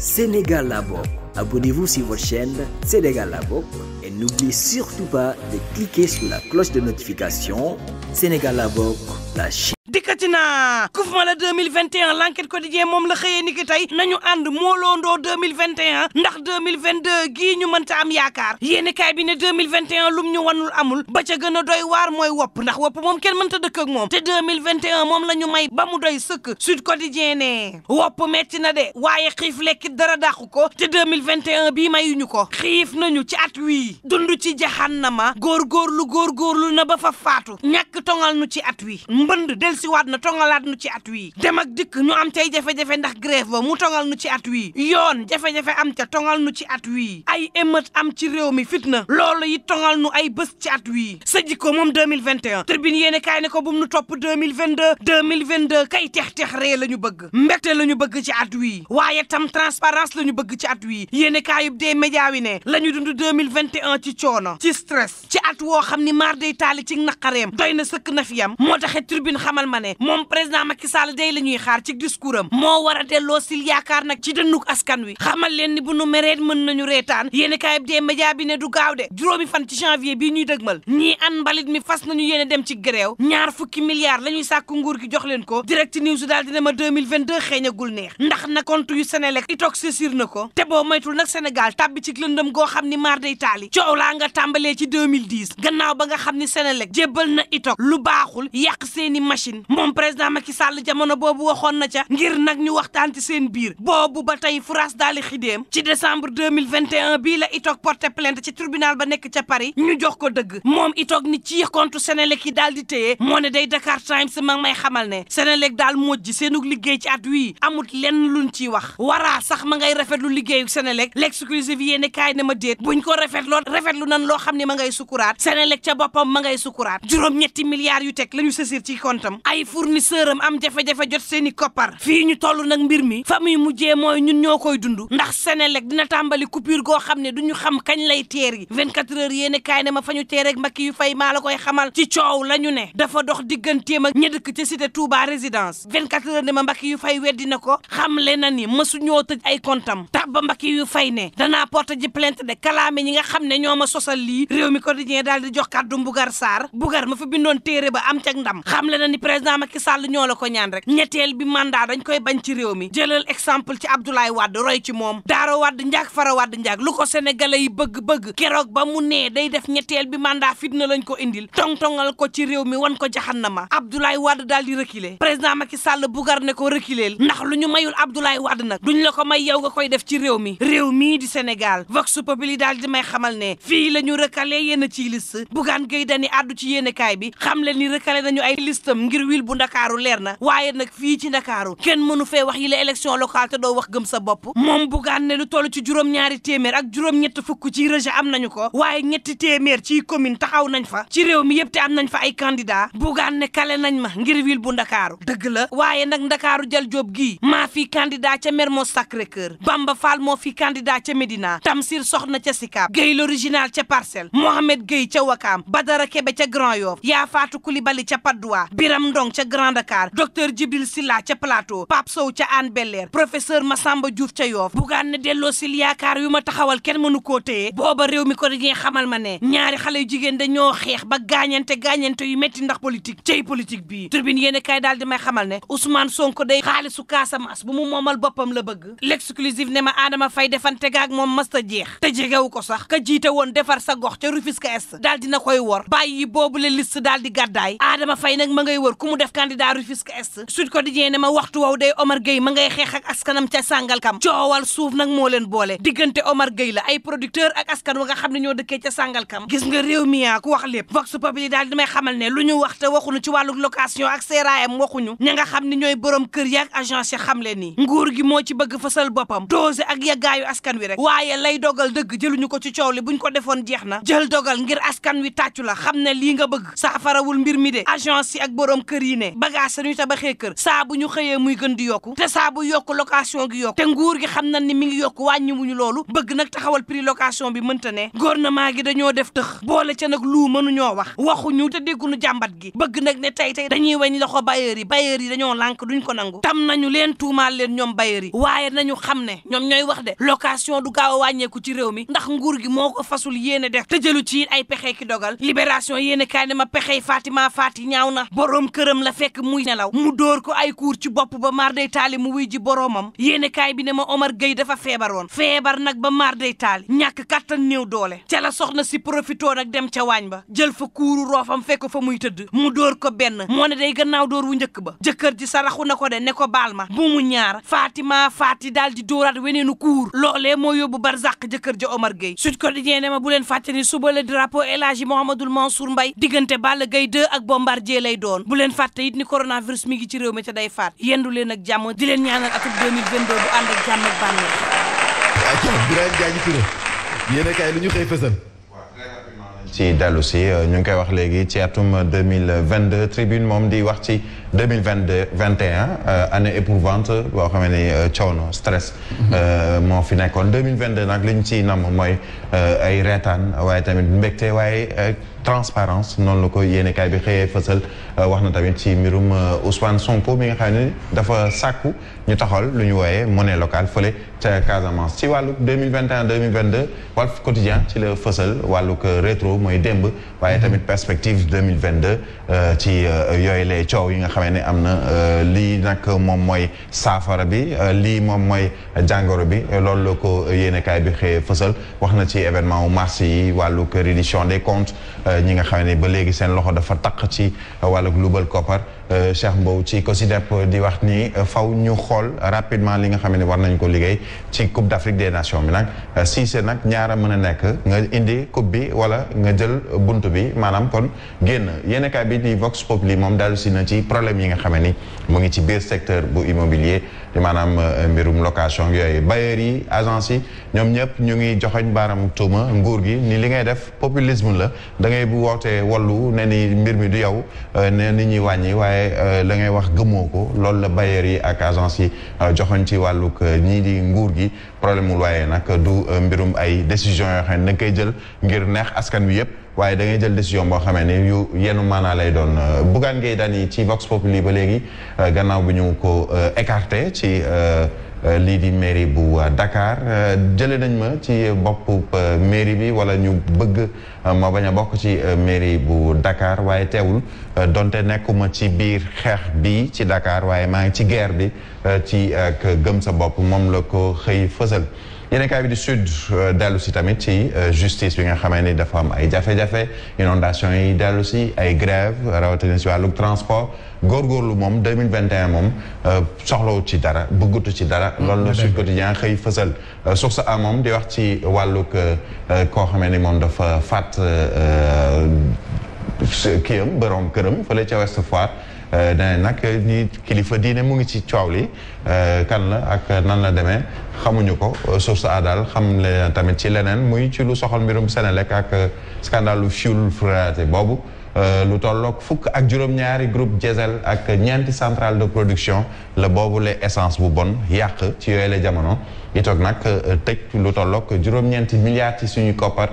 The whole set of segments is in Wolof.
Sénégal la abonnez-vous sur votre chaîne Sénégal la et n'oubliez surtout pas de cliquer sur la cloche de notification Sénégal la chaîne dikkati naa Coupe la 2021 l'enquête quotidien moom la xëyee ni ki tey nañu ànd mooloondoo 2021 ndax 2022 gii ñu mënta am yaakaar yéeni kaay bi ne 2021 lum ñu wanul amul ba ca gën a doy waar mooy wopp ndax wopp moom kenn mënta dëkk ak moom te 2021 moom la ñu may ba mu doy sëkk Sud Quotidien ne wopp metti na de waaye xiif lekkit dara dàqu ko te 2021 bii mayuñu ko xiif nañu ci at wii dund ci jahannama góorgóorlu góorgóorlu na ba fa faatu ñàkk tongal ci at wi si waat na tongalaat nu ci at wii dem ak dikk ñu am tey jafe-jafe ndax grève ba mu tongal nu ci at wii yoon jafe-jafe am ca tongal nu ci at wii ay émeute am ci réew mi fitna loolu yi tongal nu ay bés ci at wii sa jikko moom 2021 tribune yéene kaay ne ko bum nu topp 2022 2022 kay tex-tex ree la ñu bëgg mbégte la ñu bëgg ci at wii waaye tam transparence la ñu bëgg ci at wii yéene kaayub dee média wi ne la ñu dund 2021 ci coono ci stress ci at woo xam ni maar day taali ci naqareem doy na sëkk na fi yam moo taxe tribune xamal ma ne moom président Macky Sall day la ñuy xaar ci discours am moo war a delloo sil yaakaar nag ci dënnuk askan wi xamal leen ni bu nu mereet mën nañu reetaan yéen kaay bi dee média bi ne du gaaw de juróomi fan ci janvier bii ñuy dëgmal ñii an mbalit mi fas nañu yéen dem ci gréew ñaar fukki milliards la ñuy sàkku nguur gi jox leen ko direct news daal dina ma 2022 xeeñagul neex ndax na compte yu Senelec itoog saisir na ko te boo maytul nag Sénégal tàbbi ci lëndëm goo xam ni maar day taali coow laa nga tàmbalee ci 2010 gannaaw ba nga xam ni Senelec jébbal na itoog lu baaxul yàq seeni machine moom président Macky Sall jamono boobu waxoon na ca ngir nag ñu waxtaan ci seen biir boobu ba tey France daal di xidéem ci décembre 2021 bii la itoog porté plainte ci tribunal ba nekk ca Paris ñu jox ko dëgg moom itoog ni ci compte Sénélec yi daal di téye moo ne day Dakar Times ma may xamal ne Sénélec daal mojj seenug liggéey ci at wii amut lenn luñ ciy wax waraa sax ma ngay rafetlu liggéeyu Sénélec l'exclusive yéene kaay ne ma déet buñ ko rafetloo rafetlu nan loo xam ne ma ngay sukuraat Sénélec ca boppam ma ngay sukuraat juróom-ñetti milliards yu teg la ñu sësir ci comptam ay fournisseur am am jafe-jafe jot seeni i koppar fii ñu toll nag mbir mi fa muy mujjee mooy ñun ñoo koy dund ndax Senelec dina tàmbali coupure goo xam ne du ñu xam kañ lay teer yi 24 heures yéen kaay ne ma fa ñu teereeg mbakki yu fay maa la koy xamal ci coow la ñu ne dafa dox digganteem ak ña dëkk ca cité Touba résidence 24 heures ne ma mbakki yu fay weddi ko xam xamle na ni mësuñoo tëj ay kontam tabba mbakki yu fay ne danaa porte ji plainte de kalaame ñi nga xam ne ñoo ma sosal lii réew mi quotidien daal di jox kàddu Bougar Sarr Bougar ma fa bindoon téere ba am ca président Macky Sall ñoo la ko ñaan rek ñetteel bi mandat dañ koy bañ ci réew mi jëlal exemple ci Abdoulaye Wade roy ci moom Daaro Wade njaag Fara Wade njaag lu ko sénégalais yi bëgg-bëgg keroog ba mu nee day def ñetteel bi mandat fitna lañ ko indil tongtongal ko ci réew mi wan ko jaxannama Abdoulaye Wade daal di reculer président Macky Sall bugar ne ko reculer ndax lu ñu mayul Abdoulaye Wade nag ñu la ko may yow ga koy def ci réew mi réew mii di Sénégal vox populi daal di may xamal ne fii la ñu recalé yenn ci liste Bougane Gueye Dany àddu ci yéenekaay bi xam leen ni recalé nañu ay listam ngir ngir wil leer na waaye nag fii ci ndakaaru kenn mënu fee wax yi la élection te doo wax gëm sa bopp moom bugaan ne lu toll ci juróom-ñaari téeméer ak juróom-ñett fukk ci rejet am nañu ko waaye ñetti téeméer ci commune taxaw nañ fa ci réew mi yëpp te am nañ fa ay candidat bugaan ne kale nañ ma ngir wil bu ndakaaru dëgg la waaye nag ndakaaru jal joob gi maa fi candidat ca Mermoz Sacré-Cœur Bamba faal moo fi candidat ca Médina Tamsir Soxna ca Sicap Gueye l'original ca Parcelles Mohamed Gueye ca Wakaam Badara Kebe ca Grand Yoff Yafatou Coulibaly ca Patte d'Oie Biram Ndong ca Grand Dakar docteur Djibril Silla ca Plateau Pape Sow ca Hann Bel-Air professeur Massamba Diouf ca Yoff bugaan ne delloo sil yaakaar yu ma taxawal kenn mënu koo téye booba réew mi ko dañuy xamal ma ne ñaari xale yu jigéen dañoo xeex ba gaañante gaañante yu metti ndax politique cey politique bii tribune yéen kaay daal di may xamal ne Ousmane Sonko day xaalisu Casamance bu mu moomal boppam la bëgg l'exclusive ne ma Adama fay defante gaag moom masta jeex te jegewu ko sax ka jiite woon defar sa gox ca Rufisque Est daal dina koy wor bàyyi boobu le liste daal di gàddaay Adama Faye ma ngay wër ku mu def candidat Rufisque Est Sud Quotidien ne ma waxtu woowu day Omar Gueye ma ngay xeex ak askanam ca Sàngalkam coowal suuf nag moo leen boole diggante Omar Gueye la ay producteur ak askan wi nga xam ne ñoo dëkkee ca Sàngalkam gis nga réew mi yaa ah, ku wax lépp vox populi daal di may xamal ne lu ñu wax te waxuñu ci wàllu location ak seeraayam waxuñu ña nga xam ni ñooy borom kër yak agence ya xam leen ni nguur gi moo ci bëgg fasal boppam doose ak yaggaayu askan wi rek waaye lay dogal dëgg jëluñu ko ci coow li buñ ko defoon jeex na jël dogal ngir askan wi tàccu la xam ne lii nga bëgg saafarawul mbir mi de agence yi ak borom kër yi ne bagage ñu tabaxé kër sa bu ñu xëyee muy gën di yokku té sa bu yokku location gi yokku té nguur gi xamna ni mi ngi yokku muñu lolu bëgg nak taxawal prix location bi mënta ne gouvernement gi dañoo def tax boole ci nak lu ñoo wax té déggu ñu jambat gi bëgg nak né tay tay dañuy loxo bailleur yi bailleur yi dañoo lank duñ ko nangu tam nañu leen tuumal leen ñom bailleur yi waye nañu xamné ñom ñoy wax dé location du gaaw wañé ku ci réew mi ndax nguur gi moko fasul yéene def té jëlu ci ay pexé ki dogal libération yéene ma pexé Fatima Fati ñaawna borom këram la fekk muy nelaw mu dóor ko ay kuur ci bopp ba maar day taali mu wuy ji boroomam yéenekaay bi ne ma Omar Gueye dafa feebaroon feebar nag ba maar day taali ñàkk kattan néew doole ca la soxna si profitoo nag dem ca waañ ba jël fa kuuru roofam fekk fa muy tëdd mu dóor ko benn moo ne day gannaaw door wu njëkk ba jëkkër ji saraxu na ko de ne ko baal ma bu mu ñaar Fatima Faati daal di dóoraat weneenu kuur loolee moo bar barzàq jëkkër ja Omar Gueye Sud Quotidien ne ma bu leen fàtte ni suba le drapeau El Hadji Mouhamadoul Mansour Mbaye diggante Balla Gaye ak Bombardier leen ni coronavirus mi ngi ci réew mi te day faat yendu leen ak jàmm di leen ñaanal atum bu ànd ak jàmm ak bànneex. waaw ci dellu si euh, ñu ngi koy wax léegi ci atum 2022 tribune moom di wax ci 2022 21 euh, année éprouvante boo xamee ni euh, coono stress mhm. moo fi nekkoon 2022 nag li ñu ciy namm mooy ay reetaan waaye tamit mbégte waaye transparence noonu la ko yéene kaay bi xëyee fësal Euh, wax na tamit ci mbirum euh, Ousmane Sonko mi nga xam ne dafa sàkku ñu taxal lu ñu wooyee monnaie locale fële ca Casamance ci wàllu 2021 2022 Walf Quotidien ci la fësal wàllug euh, rétro mooy démb waaye mhm. tamit perspective 2022 ci yooyu lay coow yi nga xamee ne am na lii nag moom mooy saafara bi lii moom mooy jàngoro bi loolu la ko yéenekaay bi xëyee fësal wax na ci événement wu mars yi wàllug reddition des comptes ñi nga xam ne ba léegi seen loxo dafa taq ci wàllu ak luubal Euh, Cheikh Mbow ci COSYDEP euh, di wax nii euh, faw ñu xool rapidement li nga xam ne war nañ ko liggéey ci Coupe d'Afrique des Nations bi nag Cissé nag ñaara mën a nekk nga indi coupe bi wala nga jël bunt bi maanaam kon génn yéenekaay bi di Vox Populi moom daal si na ci problème yi nga xam ni mu ngi ci biir secteur bu immobilier maanaam mbirum location yooyu bailleurs yi agence ñoom ñëpp ñu ngi joxoñ baaram tuuma nguur gi ni li ngay def populisme la da ngay bu wootee wallu ne ni mbir mi du yow ne ni waaye waaye euh, la ngay wax gëmoo ko loolu la bailleurs yi ak agence yi euh, ci wàllug euh, ñii di nguur gi problème waaye loyer nag du mbirum ay décision yoo xam ne da koy jël ngir neex askan bi yëpp waaye da ngay jël décision boo xamee ne yu yenn maanaa lay doon Bougane Gueye Dany ci Vox Populi ba léegi gannaaw bi ñu ko écarté ci Euh, lii di mairie bu euh, Dakar euh, jële nañ ma ci boppu mairie bi wala ñu bëgg ma bañ a bokk ci mairie bu Dakar waaye teewul donte nekkuma ci biir xeex bi ci Dakar waaye maa ngi ci guerre bi ci gëm sa bopp moom la ko xëy fësal yéenekaay bi di sud euh, dellu si tamit ci euh, justice bi nga xamee ni dafa am ay jafe-jafe inondation yi dellu si ay grève rawatina si wàllu transport góorgóorlu moom 2021 moom euh, soxlawu ci dara bëggatu ci dara mm, loolu la Sud Quotidien xëy fësal suuf sa moom di wax ci wàllug koo xamee ni moom dafa fàtt kiyam borom këram fële ca Ouest Foire Euh, ne nag euh, ñi kilifa diine mu ngi ci coow li euh, kan la ak nan la demee xamuñu ko source a daal xam le tamit ci leneen muy ci lu soxal mbirum Senelec ak scandale fuel frelaté boobu lu tolloog fukk ak juróom-ñaari groupe diesel ak ñeenti centrale de production la boobu la essence bu bon yàq ci yooyu la jamono itoog nag tëj lu tolloog juróom-ñeenti milliards ci suñu koppar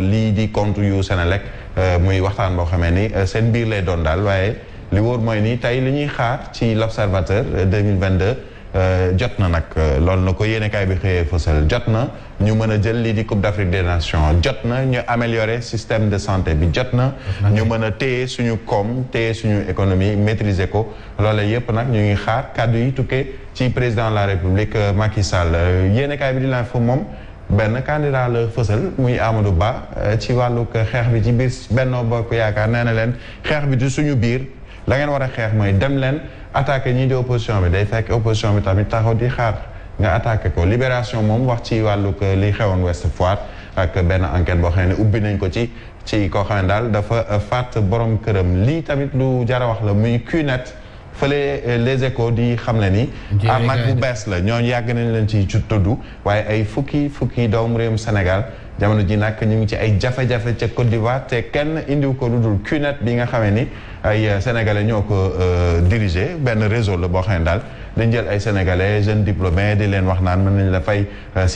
lii di compte yu senelek Euh, muy waxtaan boo xamee ni euh, seen biir lay doon daal waaye li wóor mooy ni tey li ñuy xaar ci l'observateur 2022 euh, jot na nag loolu na ko yéenekaay bi xëyee fësal jot na ñu mën a jël lii di Coupe d'Afrique des Nations jot na ñu améliorer système de santé bi jot na ñu mën a téye suñu kom téye suñu économie maîtriser ko loola yépp nag ñu ngi xaar kàddu yi tukkee ci président de la République Macky Sall yéenekaay bi di l'info moom benn candidat la fësal muy Amadou Ba eh, ci wàllug xeex bi ci biir Benno Bokk Yaakaar nee na leen xeex bi ci suñu biir la ngeen war a xeex mooy dem leen attaqué ñii di opposition bi day fekk opposition bi tamit taxaw di xaar nga attaqué ko Libération moom wax ci wàllug eh, li xewoon West Foire ak benn enquête boo xam ne ubbi nañ ko ci ci koo xam daal dafa eh, faat borom këram lii tamit lu jar a wax la muy CUNET. fële euh, les échos di xam ne ni amat ah, bu bees la ñooñu yàgg nañ leen ci tudd waaye ay fukki fukki doomu réewum Sénégal jamono ji nag ñu ngi ci ay jafe-jafe ca Côte d'Ivoire te kenn indiwu ko lu dul CUNET bi nga xamee ni ay euh, sénégalais ñoo ko euh, dirigé benn réseau la boo xam ne daal dañ jël ay sénégalais jeunes diplômés di leen wax naan mën nañ la fay 000, euh,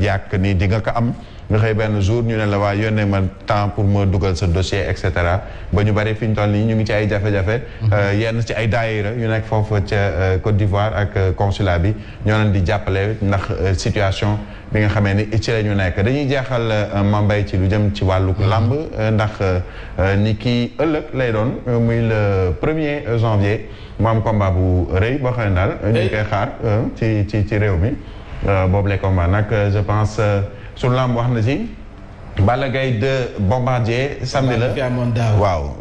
000, euh, ni ko am nga jour ñu ne la temps pour ma dugal sa dossier et cetera ba ñu bari fiñ ñu ngi ci ay mhm. euh, yenn ci ay Côte d'Ivoire ak consulat bi ñoo di situation mi nga xamee ni ci la ñu nekk dañuy jeexal euh, mambay ci lu jëm ci wàllu lamb euh, ndax euh, ni kii ëllëg lay doon muy le premier janvier maam combat bu rëy boo xam ne daal ñu koy xaar ci ci ci réew mi boobu le combat nag je pense su lamb wax na ci bala gay 2 Bombardier samedi la waaw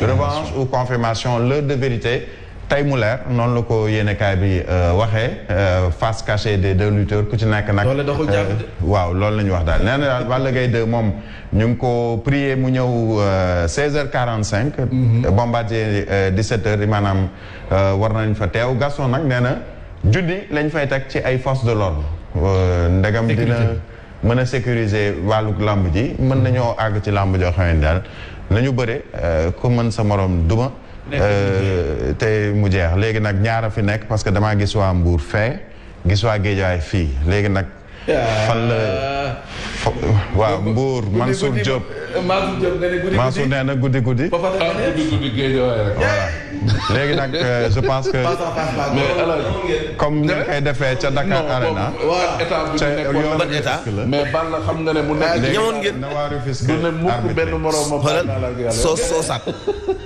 revanche ou confirmation l'heure de vérité tey mu noonu la ko yéenekaay bi euh, waxee euh, face cachée des deux lutteurs ku ci nekk nag. Euh, waaw loolu la ñu wax daal nee na daal Balla Gaye moom ñu ngi ko prier mu ñëw 16h45. Mhm. Bombardier 17h maanaam war nañ fa teew gason nag nee na junni lañ fay teg ci ay forces de l'ordre ndegam dina mën a sécuriser wàllu làmb ji mën mhm. nañoo àgg ci làmb joo xam ne daal nañu bëre ku mën sa moroom duma. Euh, te mu jeex léegi nag ñaara fi nekk parce que damaa gis waa Mbour fee gis waa Géejawaay fii léegi nag fan la. waaw Mbour Mansour Diop. Eh, Mansour Diop nga guddi guddi nee na guddi guddi. Papa ah guddi guddi Guédiawaye rek. voilà léegi nag euh, je pense que. mais alors comme ni koy defee ca Dakar Arena. état bi nekkoon ban état. mais Balla xam nga ne mu nekk. Ah, ñëwoon ngeen du ne mukk benn moroomam. xoolal soos soosaat.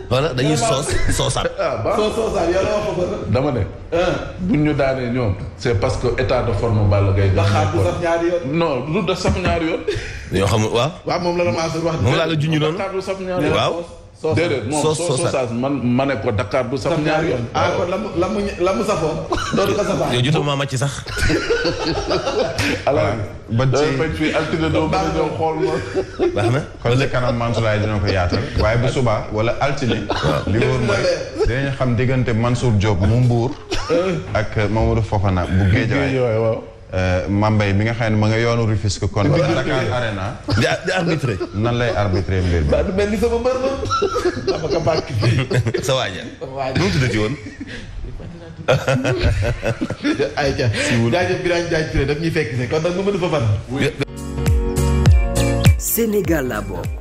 xoolal dañuy soos soosaat. Ah, soos soosaat yow la wax ko dama ne. Ah. buñ ñu daanee c'est parce que état de forme Balla Gaye. saf ñaari yoon. non du daf saf ñaari yoon. yoo xam waaw. moom la la Mansour wax. la junj noonu Dakar du saf ñaari yoon. waaw soos déedéet moom soosas man ma ne ko Dakar du saf ñaari yoon. Ah, la mu la mu la mu safoo. dootu ko safaat yow jotuma ma ci sax. alors ba ci ba ci altine a ñëw xool ma. baax na kon ci laay dina ko yaatal. waaye bu subaa wala altine. li wóor mooy dinañ xam diggante Mansour Diop mu Mbour. Eh. ak Mamadou Fofana bu Géejawaay waaw. Euh, Mambay mi nga xam ne ma nga yoonu Rufisque kon Dakar Arena di di nan lay arbitré mbir bi du mel ni sama mbër la dama ko bàkk sa waaja nu mu tuddati woon ay ca jaajëf bi daañ jaaj turé daf ñuy fekk se kon nag nu mën fa fan Sénégal la bokk